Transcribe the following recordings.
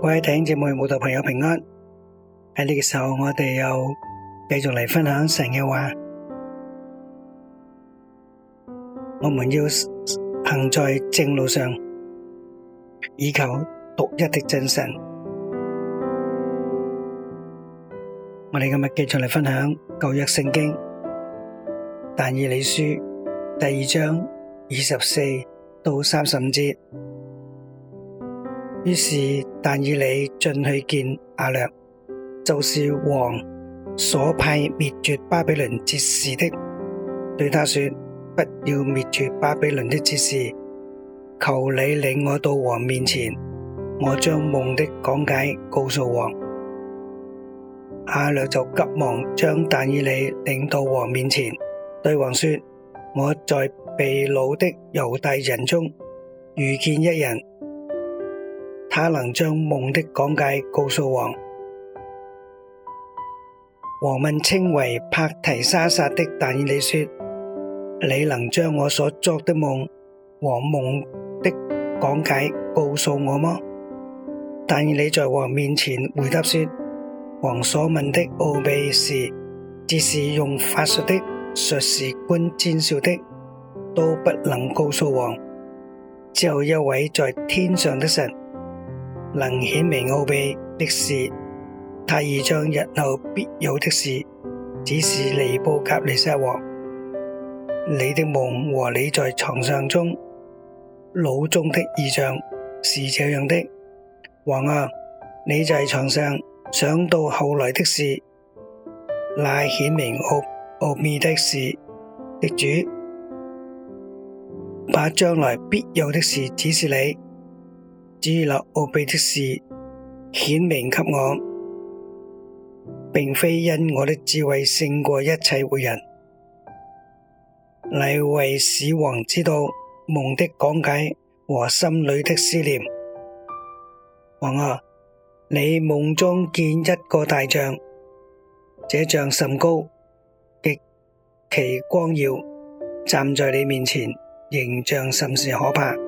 各位弟兄姊妹、慕道朋友平安！喺呢個時候，我哋又繼續嚟分享神嘅話，我們要行在正路上，以求獨一的真神。我哋今日繼續嚟分享舊約聖經但以理書第二章二十四到三十五節。於是但以理進去見阿略，就是王所派滅絕巴比倫哲士的，對他說：不要滅絕巴比倫的哲士，求你領我到王面前，我將夢的講解告訴王。阿略就急忙將但以理領到王面前，對王說：我在被擄的猶大人中遇見一人。他能將夢的講解告訴王。王問稱為伯提沙撒的，但以理說，你能將我所作的夢和夢的講解告訴我嗎？但以理在王面前回答說，王所問的奧秘事，哲士用法術的術士觀兆的，都不能告訴王。只有一位在天上的神。能顯明奧秘的事，他已將日後必有的事，指示尼布甲尼撒王。你的夢和你在床上中腦中的異象是這樣的。王啊，你在床上想到後來的事，乃顯明奧奧秘的事的主，把將來必有的事指示你。知立奧秘的事顯明給我，並非因我的智慧勝過一切活人，乃為使王知道夢的講解和心裏的思念。王啊，你夢中見一個大像，這像甚高，極其光耀，站在你面前，形象甚是可怕。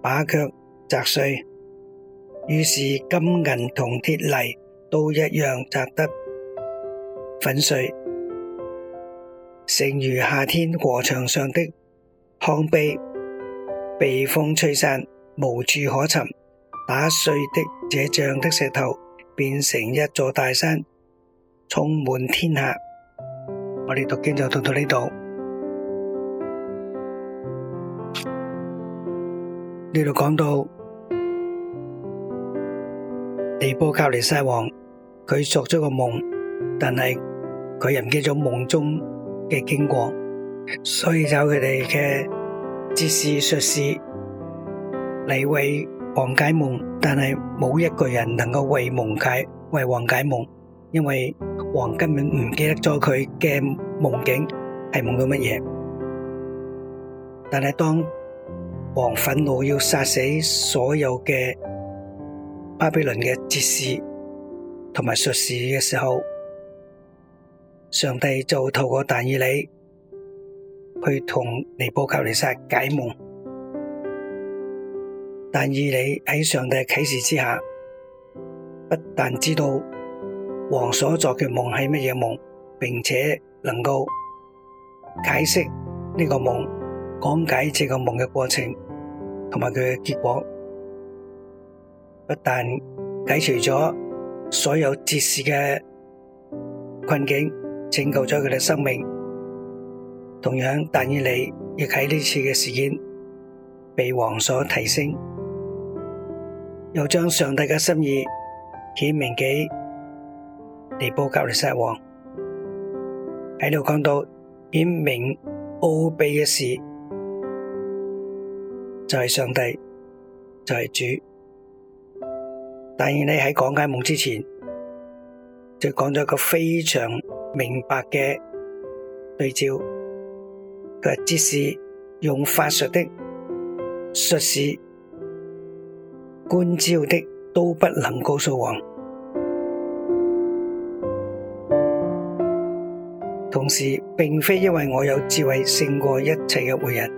把腳砸碎，於是金銀同鐵泥都一樣砸得粉碎，成如夏天禾場上的糠秕被風吹散，無處可尋。打碎的這像的石頭變成一座大山，充滿天下。我哋讀經就讀到呢度。呢度講到尼布甲尼撒王，佢作咗個夢，但係佢唔記得咗夢中嘅經過，所以就佢哋嘅哲士、術士，嚟為王解夢，但係冇一個人能夠為夢解，為王解夢，因為王根本唔記得咗佢嘅夢境係夢到乜嘢，但係當。王憤怒要殺死所有嘅巴比倫嘅哲士同埋術士嘅時候，上帝就透過但以理去同尼布甲尼撒解夢。但以理喺上帝嘅啟示之下，不但知道王所作嘅夢係乜嘢夢，並且能夠解釋呢個夢。講解這個夢嘅過程同埋佢嘅結果，不但解除咗所有哲士嘅困境，拯救咗佢嘅生命。同樣，但以理亦喺呢次嘅事件被王所提升，又將上帝嘅心意顯明給尼布格尼撒王喺度講到顯明奧秘嘅事。就係上帝，就係、是、主。但係你喺講解夢之前，就講咗一個非常明白嘅對照。佢只使用法術的術士觀照的都不能告訴王。同時，並非因為我有智慧勝過一切嘅活人。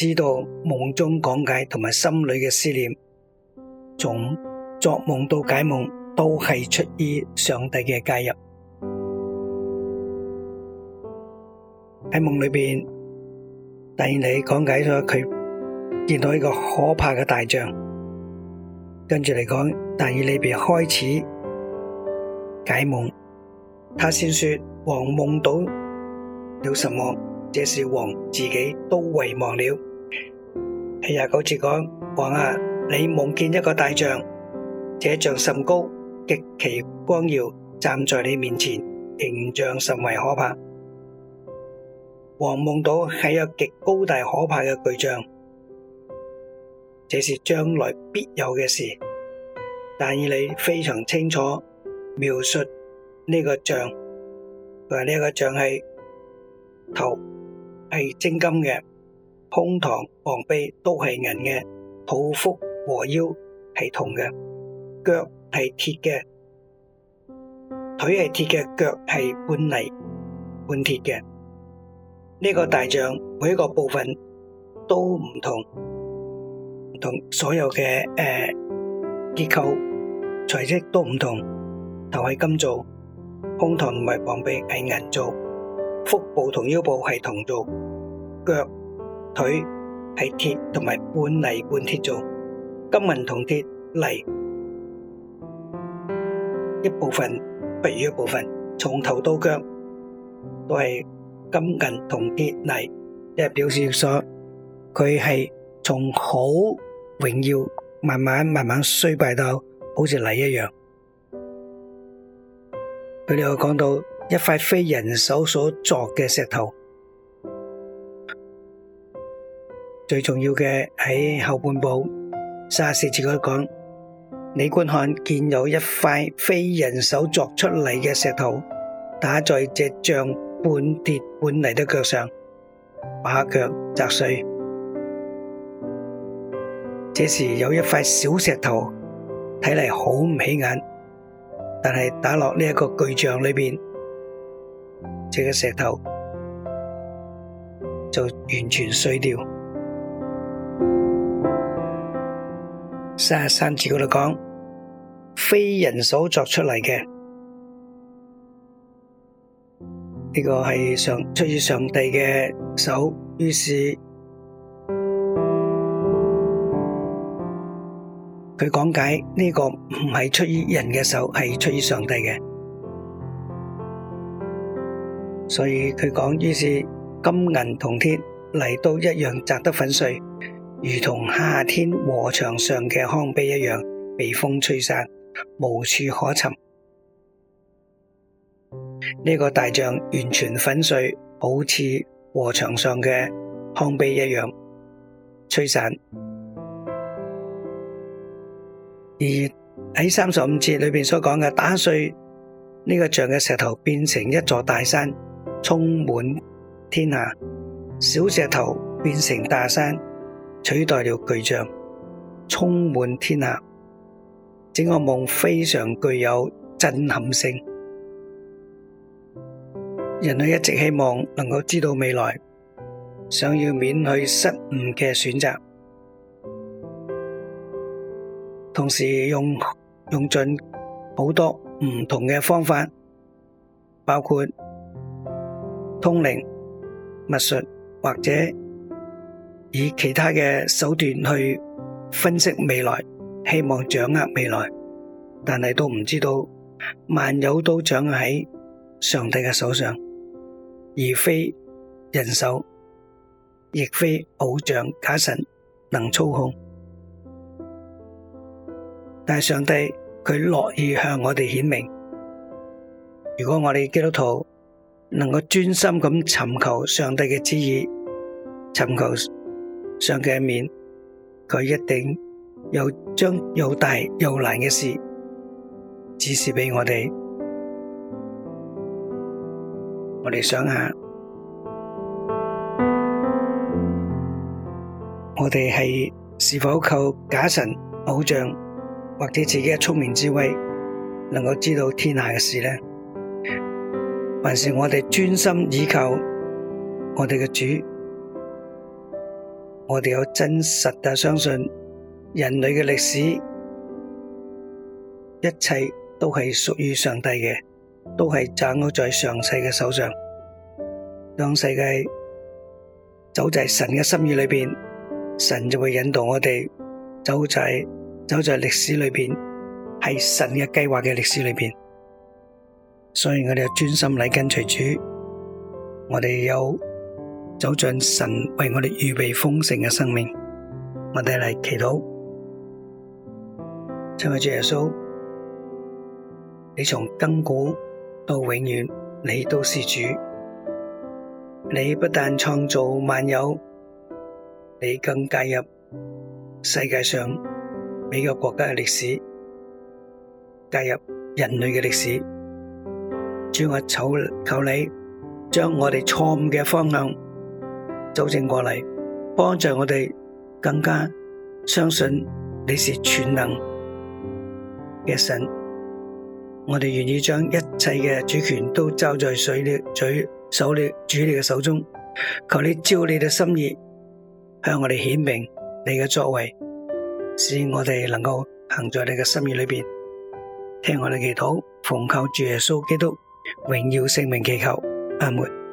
知道夢中講解同埋心裏嘅思念，從作夢到解夢，都係出於上帝嘅介入。喺夢裏邊，第二你講解咗佢見到一個可怕嘅大象，跟住嚟講，第二你便開始解夢，他先說，王夢到了什麼，這是王自己都遺忘了。廿九節講，王啊，你夢見一個大象，這象甚高，極其光耀，站在你面前，形象甚為可怕。王夢到係一個極高大可怕嘅巨象，這是將來必有嘅事。但以你非常清楚描述呢個象，佢話呢個象係頭，係精金嘅。胸膛、膀臂都係銀嘅，肚腹和腰係銅嘅，腳係鐵嘅，腿係鐵嘅，腳係半泥半鐵嘅。呢個大象每一個部分都唔同，唔同所有嘅誒結構材質都唔同。頭係金做，胸膛唔係膀臂係銀做，腹部同腰部係銅做，腳。腿係鐵同埋半泥半鐵做，金銀銅鐵泥一部分不如一部分，從頭到腳都係金銀銅鐵泥，即係表示咗佢係從好榮耀慢慢慢慢衰敗到好似泥一樣。佢哋又講到一塊非人手所作嘅石頭。最重要嘅喺後半部，三十四節佢講：你觀看見有一塊非人手作出嚟嘅石頭，打在隻像半鐵半泥的腳上，把腳砸碎。這時有一塊小石頭，睇嚟好唔起眼，但係打落呢一個巨像裏邊，這個石頭就完全碎掉。三十三字嗰度講，非人所作出嚟嘅，呢、這個係上出於上帝嘅手。於是佢講解呢、這個唔係出於人嘅手，係出於上帝嘅。所以佢講，於是金銀銅鐵嚟都一樣砸得粉碎。如同夏天禾場上嘅糠秕一樣，被風吹散，無處可尋。呢、這個大像完全粉碎，好似禾場上嘅糠秕一樣吹散。而喺三十五節裏邊所講嘅打碎呢、這個像嘅石頭，變成一座大山，充滿天下；小石頭變成大山。取代了巨像，充滿天下，整個夢非常具有震撼性。人類一直希望能夠知道未來，想要免去失誤嘅選擇，同時用用盡好多唔同嘅方法，包括通靈、密術或者。以其他嘅手段去分析未來，希望掌握未來，但係都唔知道萬有都掌握喺上帝嘅手上，而非人手，亦非偶像假神能操控。但係上帝佢樂意向我哋顯明，如果我哋基督徒能夠專心咁尋求上帝嘅旨意，尋求。上嘅一面，佢一定又將又大又難嘅事指示畀我哋。我哋想下，我哋係是否靠假神偶像或者自己嘅聰明智慧，能夠知道天下嘅事呢？還是我哋專心倚靠我哋嘅主？我哋有真實嘅相信，人類嘅歷史，一切都係屬於上帝嘅，都係掌握在上帝嘅手上。當世界走在神嘅心意裏邊，神就會引導我哋走在走在歷史裏邊，係神嘅計劃嘅歷史裏邊。所以，我哋要專心嚟跟隨主，我哋有。走進神為我哋預備豐盛嘅生命，我哋嚟祈禱。親愛的耶穌，你從亙古到永遠，你都是主。你不但創造萬有，你更介入世界上每個國家嘅歷史，介入人類嘅歷史。主，我求求你，將我哋錯誤嘅方向，糾正過嚟，幫助我哋更加相信你是全能嘅神。我哋願意將一切嘅主權都交在水、了嘴、手、了主、你嘅手中。求你照你嘅心意，向我哋顯明你嘅作為，使我哋能夠行在你嘅心意裏邊，聽我哋祈禱，奉靠耶穌基督榮耀聖名，祈求阿門。